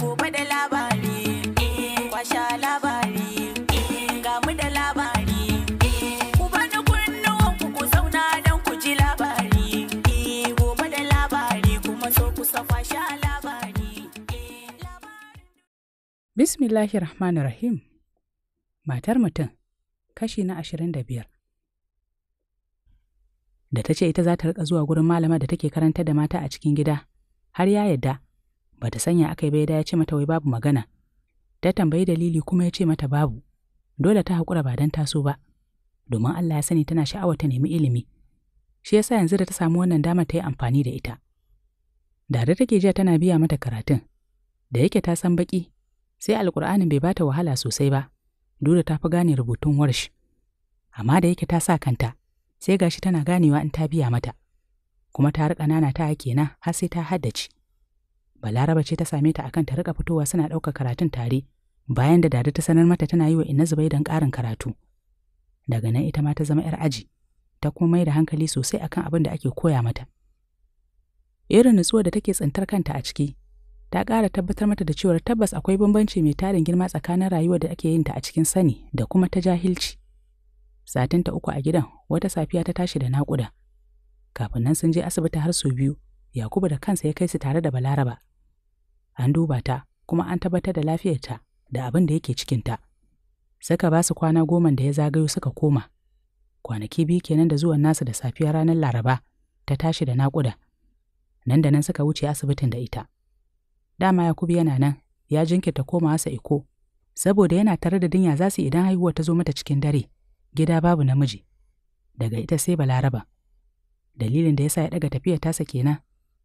gobe da labari eh, kwasha labari eh, ga mu da labari eh, ku bani kunnuwan ku ku zauna don ku ji labari gobe da labari kuma so ku sa kwasha labari rahmanir rahim matar mutum kashi na ashirin da biyar da ta ce ita za ta riƙa zuwa gurin malama da take karanta da mata a cikin gida har ya yadda ba ta sanya aka yi ya ce mata wai babu magana. Ta tambayi dalili kuma ya ce mata babu, dole ta haƙura ba don taso ba, domin Allah ya sani tana sha'awar ta nemi ilimi. Shi yasa yanzu da ta samu wannan damar ta yi amfani da ita. Da da take jiya tana biya mata karatun, da yake ta san baƙi, sai alƙur'anin bai bata wahala sosai ba, dole ta fi gane rubutun warshi. Amma da yake ta sa kanta, sai gashi tana ganewa in ta biya mata. Kuma ta riƙa nana ta kenan har sai ta haddace. Balaraba ce ta same ta akan ta rika fitowa suna ɗaukar karatun tare bayan da dada ta sanar mata tana yi wa Inna Zubaidan ƙarin karatu. Daga nan ita ma ta zama 'yar aji, ta kuma mai da hankali sosai akan abin da ake koya mata. Irin nutsuwa da take tsintar kanta a ciki, ta ƙara tabbatar mata da cewar tabbas akwai bambanci mai tarin girma tsakanin rayuwar da ake yin ta a cikin sani da kuma ta jahilci. Satin ta uku a gidan, wata safiya ta tashi da naƙuda. Kafin nan sun je asibiti har sau biyu, Yakubu da kansa ya kai su tare da Balaraba. an duba ta kuma an tabbatar da lafiyarta da abin da yake cikinta. Suka ba su kwana goma da ya zagayo suka koma. Kwanaki biyu kenan da zuwan nasu da safiya ranar Laraba ta tashi da naƙuda. Nan da nan suka wuce asibitin da ita. Dama Yakubu yana nan, ya jinkirta komawa sa iko, saboda yana tare da dinya za su idan haihuwa ta zo mata cikin dare, gida babu namiji. Daga ita sai Balaraba. Dalilin da ya sa ya ɗaga tafiya tasa kenan,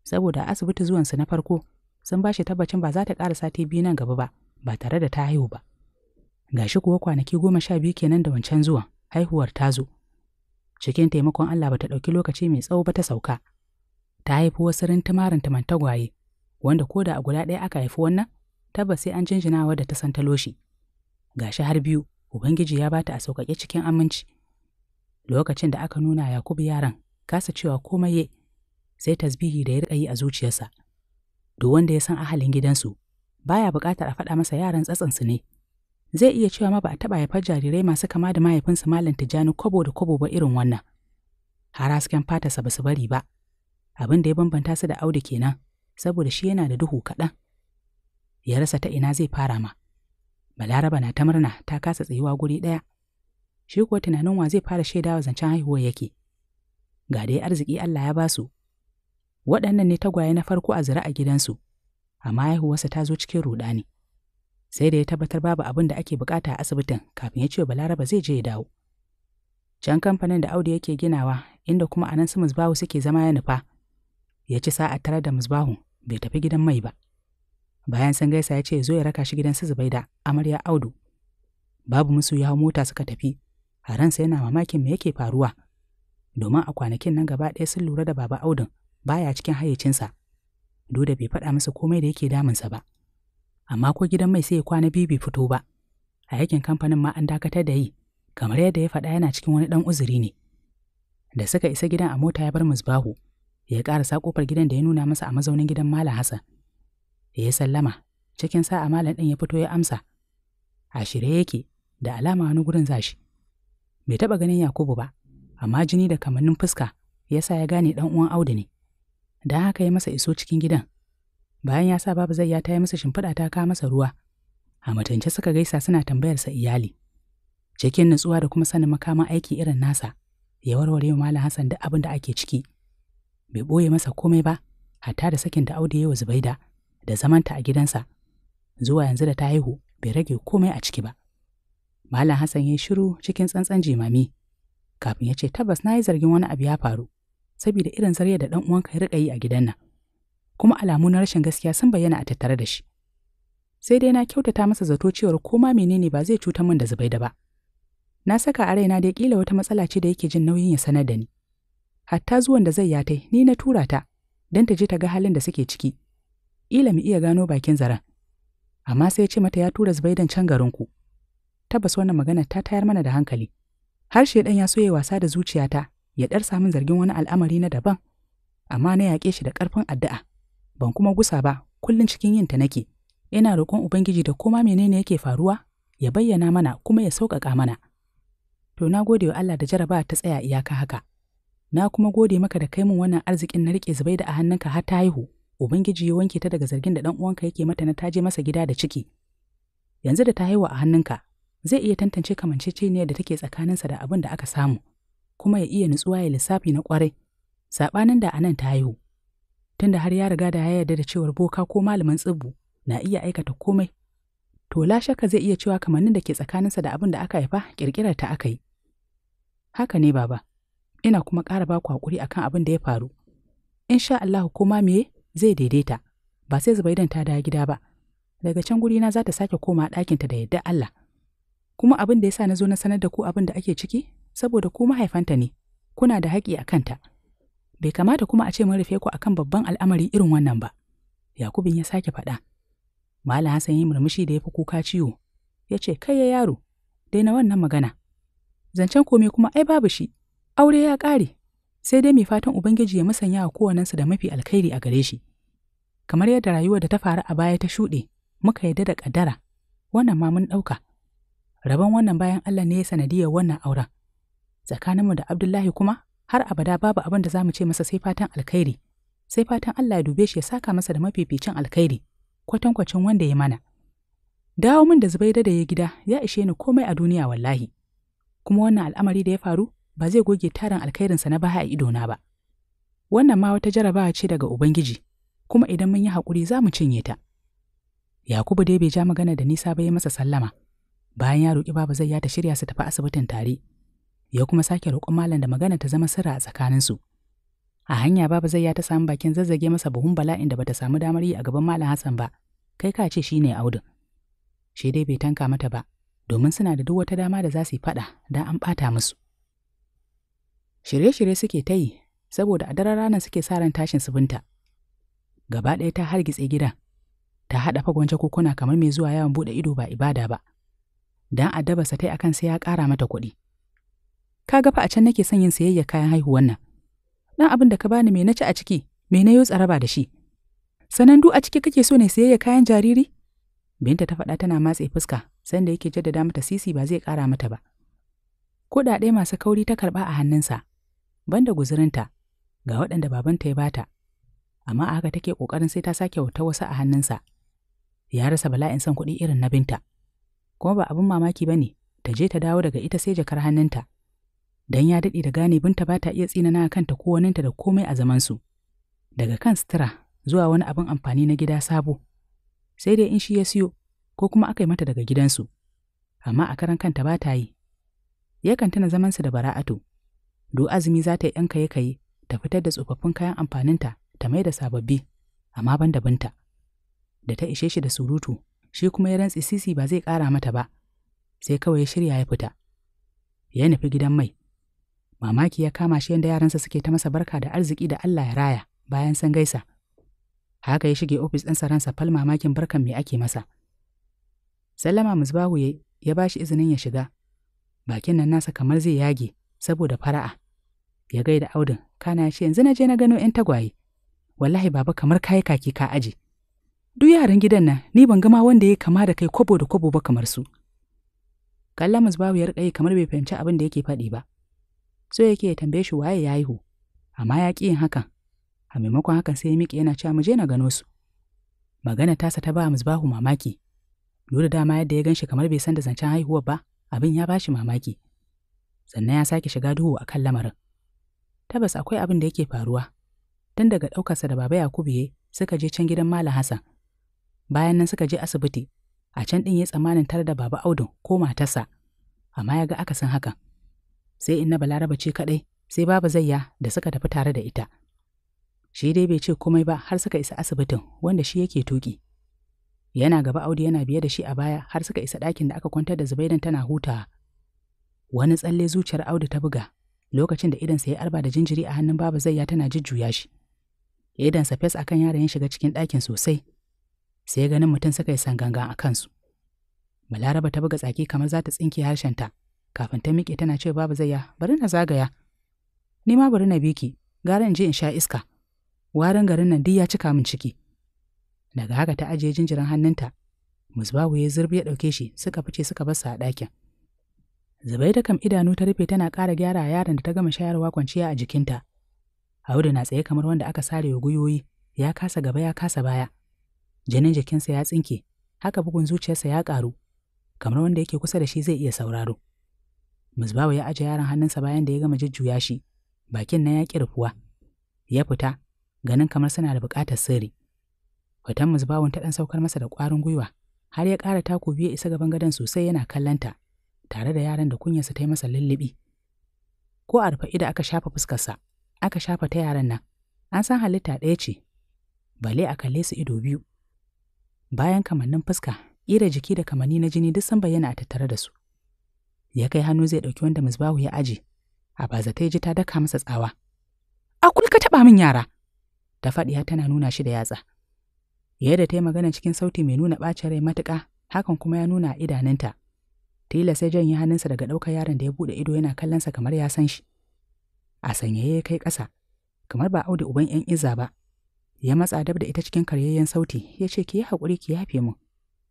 saboda asibiti zuwansu na farko sun bashi shi tabbacin ba za ta ƙara sati biyu nan gaba ba ba tare da ta haihu ba Ga shi kuwa kwanaki goma sha biyu kenan da wancan zuwan haihuwar ta zo cikin taimakon Allah ba ta ɗauki lokaci mai tsawo ba ta sauka ta haifi wasu rintumarin tagwaye wanda ko da a guda ɗaya aka haifi wannan tabbas sai an jinjina da ta san taloshi shi har biyu ubangiji ya bata a sauƙaƙe cikin aminci lokacin da aka nuna yakubu yaran kasa cewa komai sai tasbihi da ya riƙa yi a zuciyarsa duk wanda ya san ahalin gidansu baya buƙatar a faɗa masa yaran tsatsansu ne zai iya cewa ma ba a taɓa haifar jarirai masu kama da mahaifinsu malam tijjani kobo da kobo ba irin wannan har hasken sa ba su bari ba abin da ya bambanta su da audu kenan saboda shi yana da duhu kaɗan ya rasa ta ina zai fara ma balaraba na ta murna ta kasa tsayuwa guri ɗaya shi kuwa tunanin wa zai fara shaidawa zancen haihuwar yake ga dai arziki Allah ya basu waɗannan ne tagwaye na farko a zira a gidansu, amma haihuwarsa ta zo cikin ruɗani. Sai da ya tabbatar babu abin da ake bukata a asibitin kafin ya ce Balaraba zai je ya dawo. Can kamfanin da Audu yake ginawa, inda kuma anan su Musbahu suke zama ya nufa, ya ci sa'a tare da Musbahu bai tafi gidan mai ba. Bayan sun gaisa ya ce zo ya raka shi gidan su Zubaida, amarya Audu. Babu musu ya hau mota suka tafi, a yana mamakin me yake faruwa. Domin a kwanakin nan gaba ɗaya sun lura da baba Audun, baya cikin hayyacinsa, duk bai faɗa masa komai da yake damunsa ba. Amma ko gidan mai sai ya kwana biyu bai fito ba, a yakin kamfanin ma an dakatar da yi, kamar yadda ya faɗa yana cikin wani ɗan uzuri ne. Da suka isa gidan a mota ya bar musbahu, ya ƙarasa ƙofar gidan da ya nuna masa a mazaunin gidan Malam Hassan. Ya sallama, cikin sa'a Malam ɗin ya fito ya amsa. A shirye yake, da alama wani gurin zashi. Bai taɓa ganin Yakubu ba, amma jini da kamannin fuska ya sa ya gane ɗan uwan Audu ne. don haka ya masa iso cikin gidan. Bayan ya sa babu zai ya taya masa shimfiɗa ta ka masa ruwa. A matance suka gaisa suna tambayar sa iyali. Cikin nutsuwa da kuma sanin makaman aiki irin nasa, ya warware wa Malam Hassan duk abin da ake ciki. Bai ɓoye masa komai ba, hatta da sakin da Audu ya wa Zubaida da zamanta a gidansa. Zuwa yanzu da ta haihu bai rage komai a ciki ba. Malam Hassan ya shiru cikin tsantsan jimami, kafin ya ce tabbas na yi zargin wani abu ya faru. saboda irin zarya da ɗan uwanka ya riƙa yi a gidan nan. Kuma alamu na rashin gaskiya sun bayyana a tattare da shi. Sai dai na kyautata masa zato cewar ko koma menene ba zai cutar min da Zubaida ba. Na saka a raina dai kila wata matsala ce da yake jin nauyin ya sanar da ni. Hatta zuwan da zai yatai ni na tura ta don ta je ta ga halin da suke ciki. Ila mu iya gano bakin zaren. Amma sai ya ce mata ya tura Zubaidan can garin ku. Tabbas wannan magana ta tayar mana da hankali. Harshe ɗan ya so ya wasa da zuciyata ya ɗar samun zargin wani al'amari na daban, amma na yaƙe shi da ƙarfin addu'a, ban kuma gusa ba, kullum cikin yin ta nake. Ina roƙon Ubangiji da koma menene yake faruwa, ya bayyana mana kuma ya sauƙaƙa mana. To na gode wa Allah da jaraba ta tsaya iyaka haka. Na kuma gode maka da kai min wannan arzikin na riƙe zubai da a hannunka har ta haihu. Ubangiji ya wanke ta daga zargin da ɗan uwanka yake mata na taje masa gida da ciki. Yanzu da ta haihu a hannunka, zai iya tantance kamanceceniyar da take tsakaninsa da abin da aka samu. kuma ya iya nutsuwa ya lissafi na kwarai saɓanin da anan ta haihu tunda har ya riga da ya yarda da cewar boka ko malamin tsibbu na iya aikata komai to la shakka zai iya cewa kamannin da ke tsakaninsa da abin da aka haifa ƙirƙirar ta aka yi haka ne baba ina kuma ƙara baku ku haƙuri akan abin da ya faru in sha Allah koma meye zai daidaita ba sai Zubaidan ta dawo gida ba daga can guri na za ta sake koma ɗakinta da yadda Allah kuma abin da ya sa na zo na sanar da ku abin da ake ciki saboda ku mahaifanta ne, kuna da haƙi a kanta. Bai kamata kuma a ce mun rufe ku akan babban al'amari irin wannan ba. Yakubin ya sake faɗa. Malam Hassan ya murmushi da ya fi kuka ciwo. Ya ce, kai ya yaro, dai na wannan magana. Zancen kome kuma ai babu shi, aure ya ƙare, sai dai mai fatan Ubangiji ya musanya wa kowanensu da mafi alkhairi a gare shi. Kamar yadda rayuwar da ta faru a baya ta shuɗe, muka yarda da ƙaddara, wannan ma mun ɗauka. Rabon wannan bayan Allah ne ya sanadiyar wannan auren. tsakaninmu da Abdullahi kuma har abada babu abin da za mu ce masa sai fatan alkhairi, sai fatan Allah ya dube shi ya saka masa da mafificin alkhairi, kwatankwacin wanda ya mana. Dawo min da Zubaida da ya gida ya ishe ni komai a duniya wallahi, kuma wannan al'amari da ya faru ba zai goge tarin alkhairinsa na baha a idona ba. Wannan ma wata jarabawa ce daga Ubangiji, kuma idan mun yi haƙuri za mu cinye ta. Yakubu dai bai ja magana da nisa ba ya masa sallama, bayan ya roƙi babu zai ya ta shirya su tafi asibitin tare. ya kuma sake roƙon malam da magana ta zama sirra a tsakaninsu. A hanya baba zai ya ta samu bakin zazzage masa buhun bala'in da bata samu damar yi a gaban malam Hassan ba, kai ka ce shi ne Audu. Shi dai bai tanka mata ba, domin suna da duk wata dama da za su yi faɗa don an ɓata musu. Shirye-shirye suke ta yi, saboda a daren ranar suke sa ran tashin su binta. Gaba ɗaya ta hargitse gidan, ta haɗa fagwance kukuna kamar mai zuwa yawan buɗe ido ba ibada ba. Dan a dabasa ta akan sai ya ƙara mata kuɗi. ka ga fa a can nake son yin sayayya kayan haihuwan nan ɗan abin da ka bani me na ci a ciki me na yi tsaraba da shi sanan du a ciki kake so ne sayayya kayan jariri binta ta faɗa tana matse fuska sanda yake jaddada mata sisi ba zai ƙara mata ba ko kuɗaɗe masu kauri ta karɓa a hannunsa banda guzurinta ga waɗanda babanta ya bata amma a haka take ƙoƙarin sai ta sake wata wasu a hannunsa ya rasa bala'in son kuɗi irin na binta kuma ba abin mamaki ba ne ta je ta dawo daga ita sai jakar hannunta don ya daɗe da gane binta ba ta iya tsinana kanta ko waninta da komai a zamansu. Daga kan sutura zuwa wani abin amfani na gida sabo, sai dai in shi ya siyo ko kuma aka yi mata daga gidansu, amma a karan kanta ba ta yi. Yakan tana zamansu da bara'atu, do azumi za ta yi ‘yan kaye-kaye ta fitar da tsofaffin kayan amfaninta ta mai da sababbi, amma ban da binta. Da ta ishe shi da surutu, shi kuma ya rantsi sisi ba zai ƙara mata ba, sai kawai ya shirya ya fita. Ya nufi gidan mai, mamaki ya kama shi yadda yaransa suke ta masa barka da arziki da Allah ya raya bayan san gaisa. Haka ya shige ofis ɗinsa ransa fal mamakin barkan me ake masa. Sallama Musbahu ya, ya ba shi izinin ya shiga. Bakin nan nasa kamar zai yage saboda fara'a. Ya gaida Audun, kana ya ce yanzu na je na gano 'yan tagwaye. Wallahi baba kamar kayi kaki ka aji. Duk yaran gidan nan ni ban gama wanda ya kama da kai kobo da kwabo ba kamar su. Kalla Musbahu ya riƙa yi kamar bai fahimci abin da yake faɗi ba. so yake ya tambaye shi waye ya haihu amma ya ƙi yin hakan a maimakon hakan sai ya miƙe yana cewa mu je na gano su magana tasa ta ba zubahu mamaki dole dama yadda ya ganshi kamar bai san da zancen haihuwa ba abin ya bashi mamaki sannan ya sake shiga duhu a kan lamarin tabbas akwai abin da yake faruwa tun daga ɗaukarsa da baba yakubu ya suka je can gidan malam hassan bayan nan suka je asibiti a can ɗin ya tsammanin tare da baba Audu ko matarsa amma ya ga akasin hakan sai inna balaraba ce kaɗai sai babu zayya da suka tafi tare da ita shi dai bai ce komai ba har suka isa asibitin wanda shi yake tuki yana gaba Audu yana biye da shi a baya har suka isa ɗakin da aka kwantar da Zubaidan tana hutawa. Wani tsalle zuciyar Audu ta buga lokacin da sa ya arba da jinjiri a hannun Baba Zayya tana jujjuya shi. sa fes akan yaran ya shiga cikin ɗakin sosai. Sai ganin mutum suka yi sangangan a kansu. Balaraba ta buga tsaki kamar za ta tsinke harshenta kafin ta miƙe tana ce babu zaya bari na zagaya ni ma bari na biki gara in je in sha iska warin garin nan duk ya cika min ciki daga haka ta ajiye jinjirin hannunta musbahu ya zurbi ya ɗauke shi suka fice suka bar a ɗakin zubai da kam idanu ta rufe tana ƙara gyara a yaron da ta gama shayarwa kwanciya a jikinta audu na tsaye kamar wanda aka sare wa gwiwoyi ya kasa gaba ya kasa baya jinin jikinsa ya tsinke haka bugun zuciyarsa ya ƙaru kamar wanda yake kusa da shi zai iya sauraro. Musbawa ya aje yaron hannunsa bayan da ya gama jujjuya shi, bakin na ya ƙi rufuwa. Ya fita, ganin kamar suna da buƙatar sirri. Fitan muzbawun ta ɗan saukar masa da ƙwarin gwiwa, har ya ƙara taku biyu isa gaban gadon sosai yana kallanta, tare da yaran da kunyarsa ta yi masa lullubi. Ko a rufe ido aka shafa fuskarsa, aka shafa ta yaran nan, an san halitta ɗaya ce, bale a kalle su ido biyu. Bayan kamannin fuska, ƙira jiki da kamanni na jini duk sun bayyana a tattare da su. ya kai hannu zai ɗauki wanda misbahu ya aje Abaza ta ji ta daka masa tsawa a ka taɓa min yara ta faɗiya tana nuna shi da yatsa yadda ta yi magana cikin sauti mai nuna ɓacin rai matuƙa hakan kuma ya nuna a idanunta tila sai janye hannunsa daga ɗaukar yaron da ya buɗe ido yana kallonsa kamar ya san shi a sanyaye ya kai ƙasa kamar ba audi uban yan iza ba ya matsa dab da ita cikin karyayyen sauti ya ce ki yi haƙuri ki yafe mu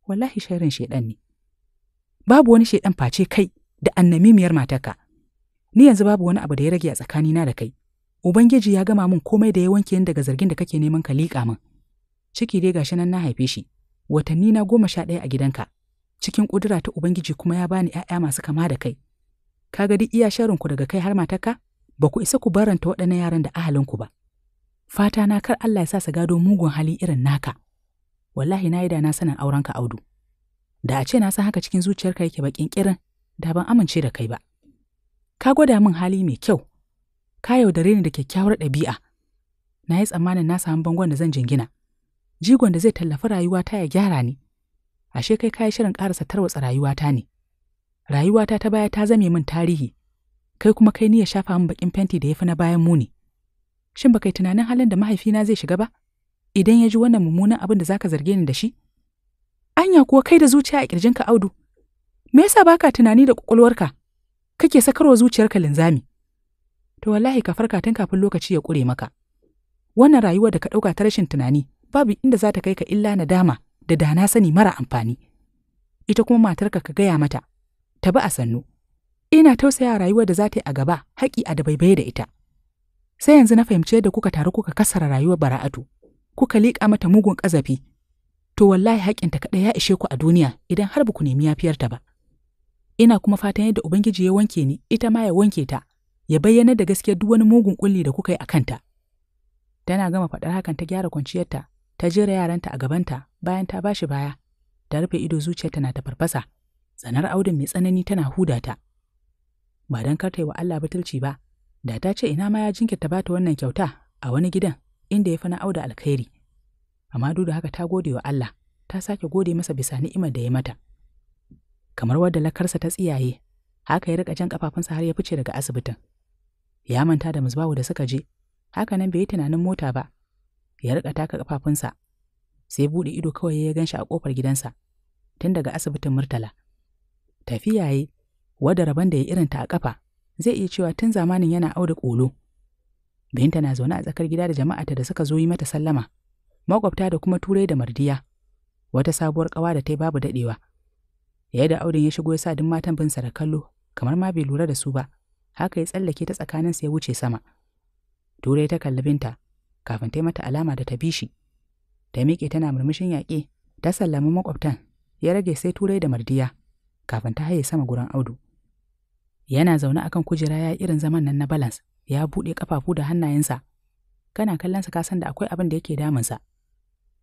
wallahi shairin shaiɗan ne babu wani shaiɗan face kai da annamimiyar matarka. Ni yanzu babu wani abu da ya rage a tsakanina da kai. Ubangiji ya gama min komai da ya wanke ni daga zargin da kake neman ka liƙa min. Ciki dai gashi nan na haife shi, watanni na goma sha ɗaya a gidanka, cikin ƙudura ta Ubangiji kuma ya bani ‘ya'ya masu kama da kai. Ka ga duk iya sharinku daga kai har matarka, ba ku isa ku baranta waɗannan yaran da ahalinku ba. Fata na kar Allah ya sa su gado mugun hali irin naka. Wallahi na yi da na sanin auren ka audu. Da a ce na san haka cikin zuciyarka yake bakin kirin, da ban amince da kai ba. Ka gwada min hali mai kyau, ka yaudare ni da kyakkyawar ɗabi'a. Na yi tsammanin na samu bangon da zan jingina, jigon da zai tallafi rayuwata ya gyara ni. Ashe kai ka yi shirin ƙarasa tarwatsa rayuwata ne. Rayuwata ta baya ta zame min tarihi, kai kuma kai ni ya shafa min baƙin fenti da ya fi na bayan muni. Shin ba kai tunanin halin da mahaifina zai shiga ba? Idan ya ji wannan mummunan abin da zaka zarge ni da shi? Anya kuwa kai da zuciya a ƙirjinka audu, me yasa ka tunani da kwakwalwarka kake sakarwa zuciyarka linzami to wallahi ka farka tun kafin lokaci ya kure maka wannan rayuwar da ka ɗauka ta rashin tunani babu inda za ta kai ka illa nadama da dana sani mara amfani ita kuma matarka ka gaya mata ta bi a sannu ina tausaya rayuwar da za ta yi a gaba haƙi a dabaibaye da ita sai yanzu na fahimci yadda kuka taru kuka kasara rayuwar bara'atu kuka liƙa mata mugun ƙazafi to wallahi haƙinta kaɗai ya ishe ku a duniya idan har ba ku nemi yafiyarta ba ina kuma fatan yadda Ubangiji ya wanke ni, ita ma ya wanke ta, ya bayyana da gaskiya duk wani mugun kulli da kuka yi a kanta. Tana gama faɗar hakan ta gyara kwanciyarta, ta jera yaranta a gabanta bayan ta bashi baya, ta rufe ido zuciyarta na ta farfasa, tsanar audin mai tsanani tana huda ta. Ba don kar ta yi wa Allah batulci ba, da ta ce ina ma ya jinkirta bata wannan kyauta a wani gidan inda ya fi na auda alkhairi. Amma duk da haka ta gode wa Allah, ta sake gode masa bisa ni'imar da ya mata. kamar wadda lakarsa ta tsiyaye, haka ya rika jan ƙafafunsa har ya fice daga asibitin. Ya manta da musbawu da suka je, haka nan bai yi tunanin mota ba, ya rika taka kafafunsa. sai buɗe ido kawai ya gan shi a ƙofar gidansa, tun daga asibitin Murtala. Tafiya yi, wadda rabon da ya irinta a ƙafa, zai iya cewa tun zamanin yana Audu ƙolo. Binta na zaune a tsakar gida da jama'ata da suka zo yi mata sallama, maƙwabta da kuma turai da mardiya, wata sabuwar ƙawa da ta yi babu daɗewa. yayin da auren ya shigo ya sa duk matan binsa da kallo kamar ma bai lura da su ba haka ya tsallake ta tsakaninsa ya wuce sama turai ta kalli binta kafin ta mata alama da ta bi shi ta miƙe tana murmushin yaƙe ta sallami makwabtan ya rage sai turai da mardiya kafin ta haye sama gurin audu yana zaune akan kujera ya irin zaman nan na balance ya buɗe ƙafafu da hannayensa kana kallonsa ka san da akwai abin da yake damunsa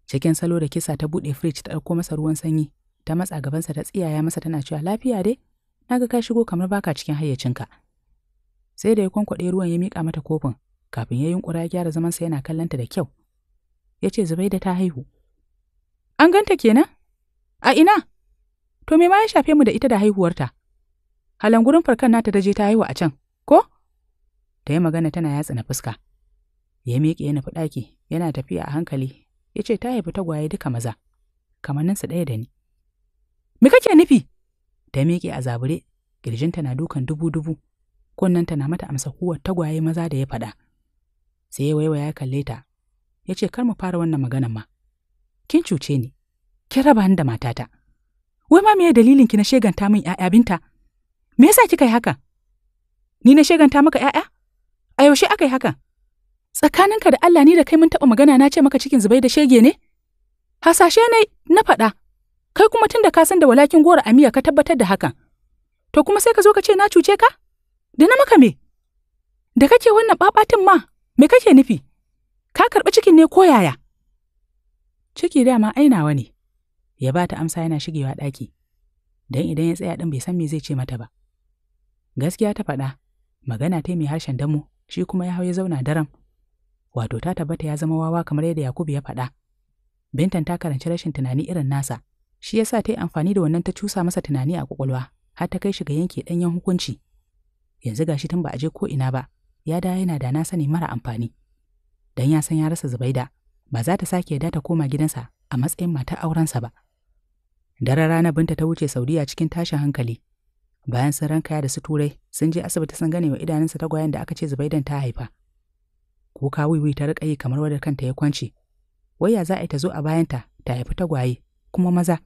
cikin salo da kisa ta buɗe fridge ta ɗauko masa ruwan sanyi ta matsa gabansa ta tsiyaya masa tana cewa lafiya dai na ga ka shigo kamar baka cikin hayyacinka sai da ya kwankwaɗe ruwan ya miƙa mata kofin kafin ya yunƙura ya gyara zamansa yana kallonta da kyau ya ce da ta haihu an ganta kenan a ina to me ma ya shafe mu da ita da haihuwarta halan gurin farkan nata da je ta haihu a can ko ta yi magana tana yatsa na fuska ya miƙe ya nufi ɗaki yana tafiya a hankali ya ce ta haifi tagwaye duka maza kamanninsu ɗaya da ni Me kake nufi? Ta miƙe a zabure, ƙirjinta na dukan dubu-dubu, ta na mata amsa kuwa tagwaye maza da ya faɗa. Sai ya waiwaya ya kalle ta, ya ce kar mu fara wannan magana ma. Kin cuce ni, kin raba ni da matata. Wai ma meye dalilin ki na sheganta min ‘ya'ya binta? Me yasa kika yi haka? Ni na sheganta maka ‘ya'ya? A yaushe aka yi haka? Tsakaninka da Allah ni da kai mun taɓa magana na ce maka cikin zubai da shege ne? Hasashe ne na faɗa kai kuma tun da ka san da walakin goro amiya ka tabbatar da hakan to kuma sai ka zo ka ce na cuce ka da na maka me da kake wannan babatin ma me kake nufi ka karɓi cikin ne ko yaya ciki dama ainawa ne ya ba ta amsa yana shigewa ɗaki don idan ya tsaya ɗin bai san me zai ce mata ba gaskiya ta faɗa magana ta mai harshen damu shi kuma ya hau ya zauna daren. wato ta tabbata ya zama wawa kamar yadda yakubu ya faɗa bintan ta karanci rashin tunani irin nasa Shi yasa ta yi amfani da wannan ta cusa masa tunani a kwakwalwa, har ta kai shi ga yanke ɗanyen hukunci. Yanzu gashi tun ba a je ko ina ba, ya da yana da na sani mara amfani. Dan ya san ya rasa Zubaida, ba za ta sake yadda ta koma gidansa a matsayin matar aurensa ba. Daren rana binta ta wuce Saudiya cikin tashin hankali. Bayan sun rankaya da su turai, sun je asibiti sun gane wa idanunsa tagwayen da aka ce Zubaidan ta haifa. Kuka wiwi ta riƙa yi kamar wadda kanta ya kwance. Waya za a yi ta zo a bayanta ta haifi tagwaye, kuma maza.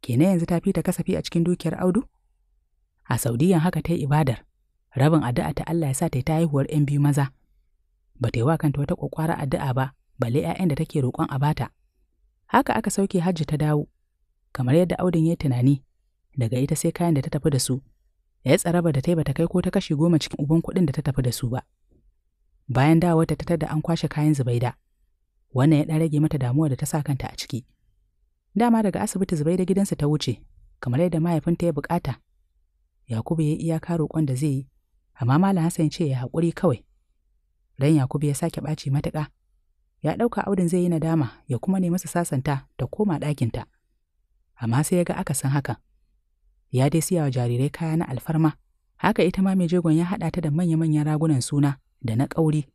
kenan yanzu ta fita kasafi a cikin dukiyar audu a saudiyan haka ta yi ibadar rabin addu'a ta Allah ya sa ta yi ta haihuwar 'yan biyu maza ba ta yi wa kanta wata kwakwara addu'a ba balle 'ya'yan da take roƙon a bata haka aka sauke hajji ta dawo kamar yadda audin ya yi tunani daga ita sai kayan da ta tafi da su ya tsaraba da ta yi bata kai ko ta kashe goma cikin uban kuɗin da ta tafi da su ba bayan dawowarta ta da an kwashe kayan zubaida wannan ya ɗan rage mata damuwa da ta sa kanta a ciki Dama daga asibiti zubai da gidansa ta wuce, kamar yadda mahaifinta ya bukata. Yakubu ya iyaka roƙon da zai yi, amma Malam Hassan ce ya haƙuri kawai. Ran Yakubu ya sake ɓaci matuƙa. Ya ɗauka audin zai yi nadama ya kuma ne masa sasanta ta koma ɗakinta. Amma sai ya ga aka san hakan. Ya dai siya wa jarirai kaya na alfarma, haka ita ma mai jegon ya haɗa ta da manya-manyan ragunan suna da na ƙauri.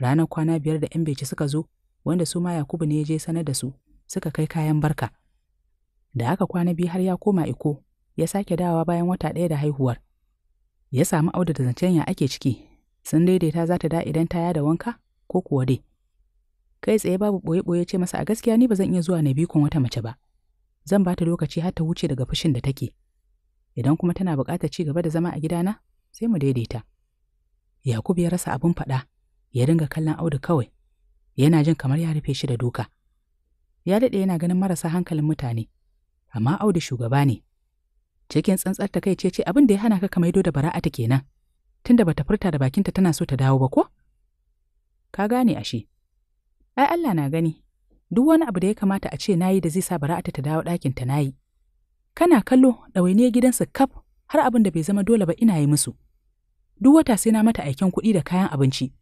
Ranar kwana biyar da 'yan beci suka zo, wanda su ma Yakubu ne ya je sanar da su, suka kai kayan barka. Da aka kwana biyu har ya koma iko, ya sake dawowa bayan wata ɗaya da haihuwar. Ya samu auda da zancen ya ake ciki, sun daidaita za ta da idan ta da wanka ko kuwa dai. Kai tsaye babu ɓoye-ɓoye ce masa a gaskiya ni ba zan iya zuwa na bikon wata mace ba. Zan ba ta lokaci har ta wuce daga fushin da take. Idan kuma tana buƙatar ci gaba da zama a gidana, sai mu daidaita. Yakubu ya rasa abin faɗa, ya dinga kallon Audu kawai, yana jin kamar ya rufe shi da duka. ya daɗe yana ganin marasa hankalin mutane, amma Audu shugaba ne. Cikin tsantsar ta kai ce ce abin da ya hana ka ka maido da bara'ata kenan, tunda bata furta da bakinta tana so ta dawo ba ko? Ka gane ashe. Ai Allah na gani, duk wani abu da ya kamata a ce na yi da zai sa bara'ata ta dawo ɗakin ta na yi. Kana kallo ɗawainiyar gidansu kaf har abin da bai zama dole ba ina yi musu. Duk wata sai na mata aikin kuɗi da kayan abinci,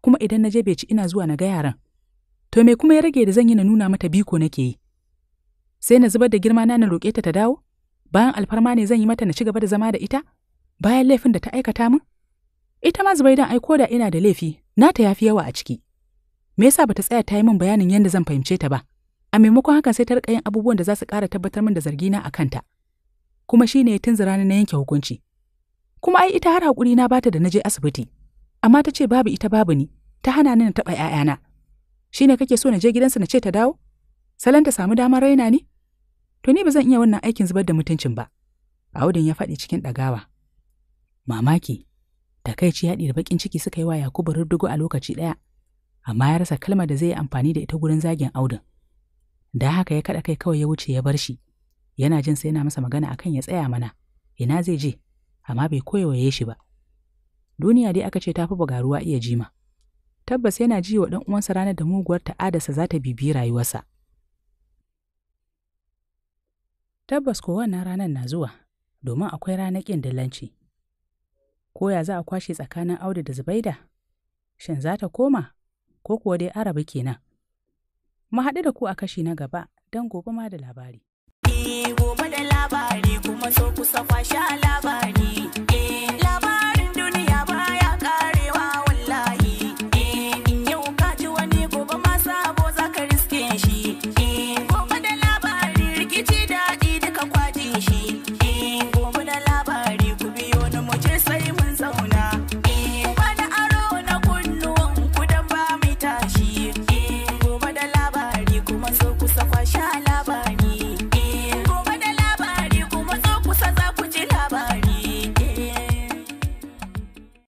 kuma idan na je bai ci ina zuwa na ga yaran, To me kuma ya rage da zan yi na nuna mata biko nake yi? Sai na zubar da girma na na roƙe ta ta dawo? Bayan alfarma ne zan yi mata na ci gaba da zama da ita? Bayan laifin da ta aikata min? Ita ma Zubaidan ai ko da ina da laifi, nata yafi yawa a ciki. Me yasa bata tsaya ta yi min bayanin yadda zan fahimce ta ba? A maimakon hakan sai ta rika yin abubuwan da za su ƙara tabbatar min da zargina a kanta. Kuma shi ne ya na yanke hukunci. Kuma ai ita har haƙuri na bata da na je asibiti. Amma ta ce babu ita babu ni, ta hana ni na taɓa ‘ya'yana. shi ne kake so na je gidansa na ce ta dawo salon ta samu damar raina ne to ni ba zan iya wannan aikin zubar da mutuncin ba audun ya faɗi cikin ɗagawa mamaki takaici haɗi da baƙin ciki suka yi wa yakubu rurdugo a lokaci ɗaya amma ya rasa kalmar da zai yi amfani da ita gurin zagin audun. da haka ya kaɗa kai kawai ya wuce ya bar shi yana jin sai yana masa magana akan ya tsaya mana ina zai je amma bai ya shi ba duniya dai aka ce ta fi bugaruwa iya jima tabbas yana ji wa ɗan uwansa ranar da muguwar ta'adarsa za ta bibi rayuwarsa. Tabbas ko wannan ranar na zuwa, domin akwai ranar ƙin dillanci. Ko ya za a kwashe tsakanin Audu da Zubaida? Shin za ta koma, ko kuwa dai Arabi kenan? Mu haɗu da ku a kashi na gaba don gobe ma da labari. Eh, gobe da labari kuma so kusa kwashe labari. Eh, labari.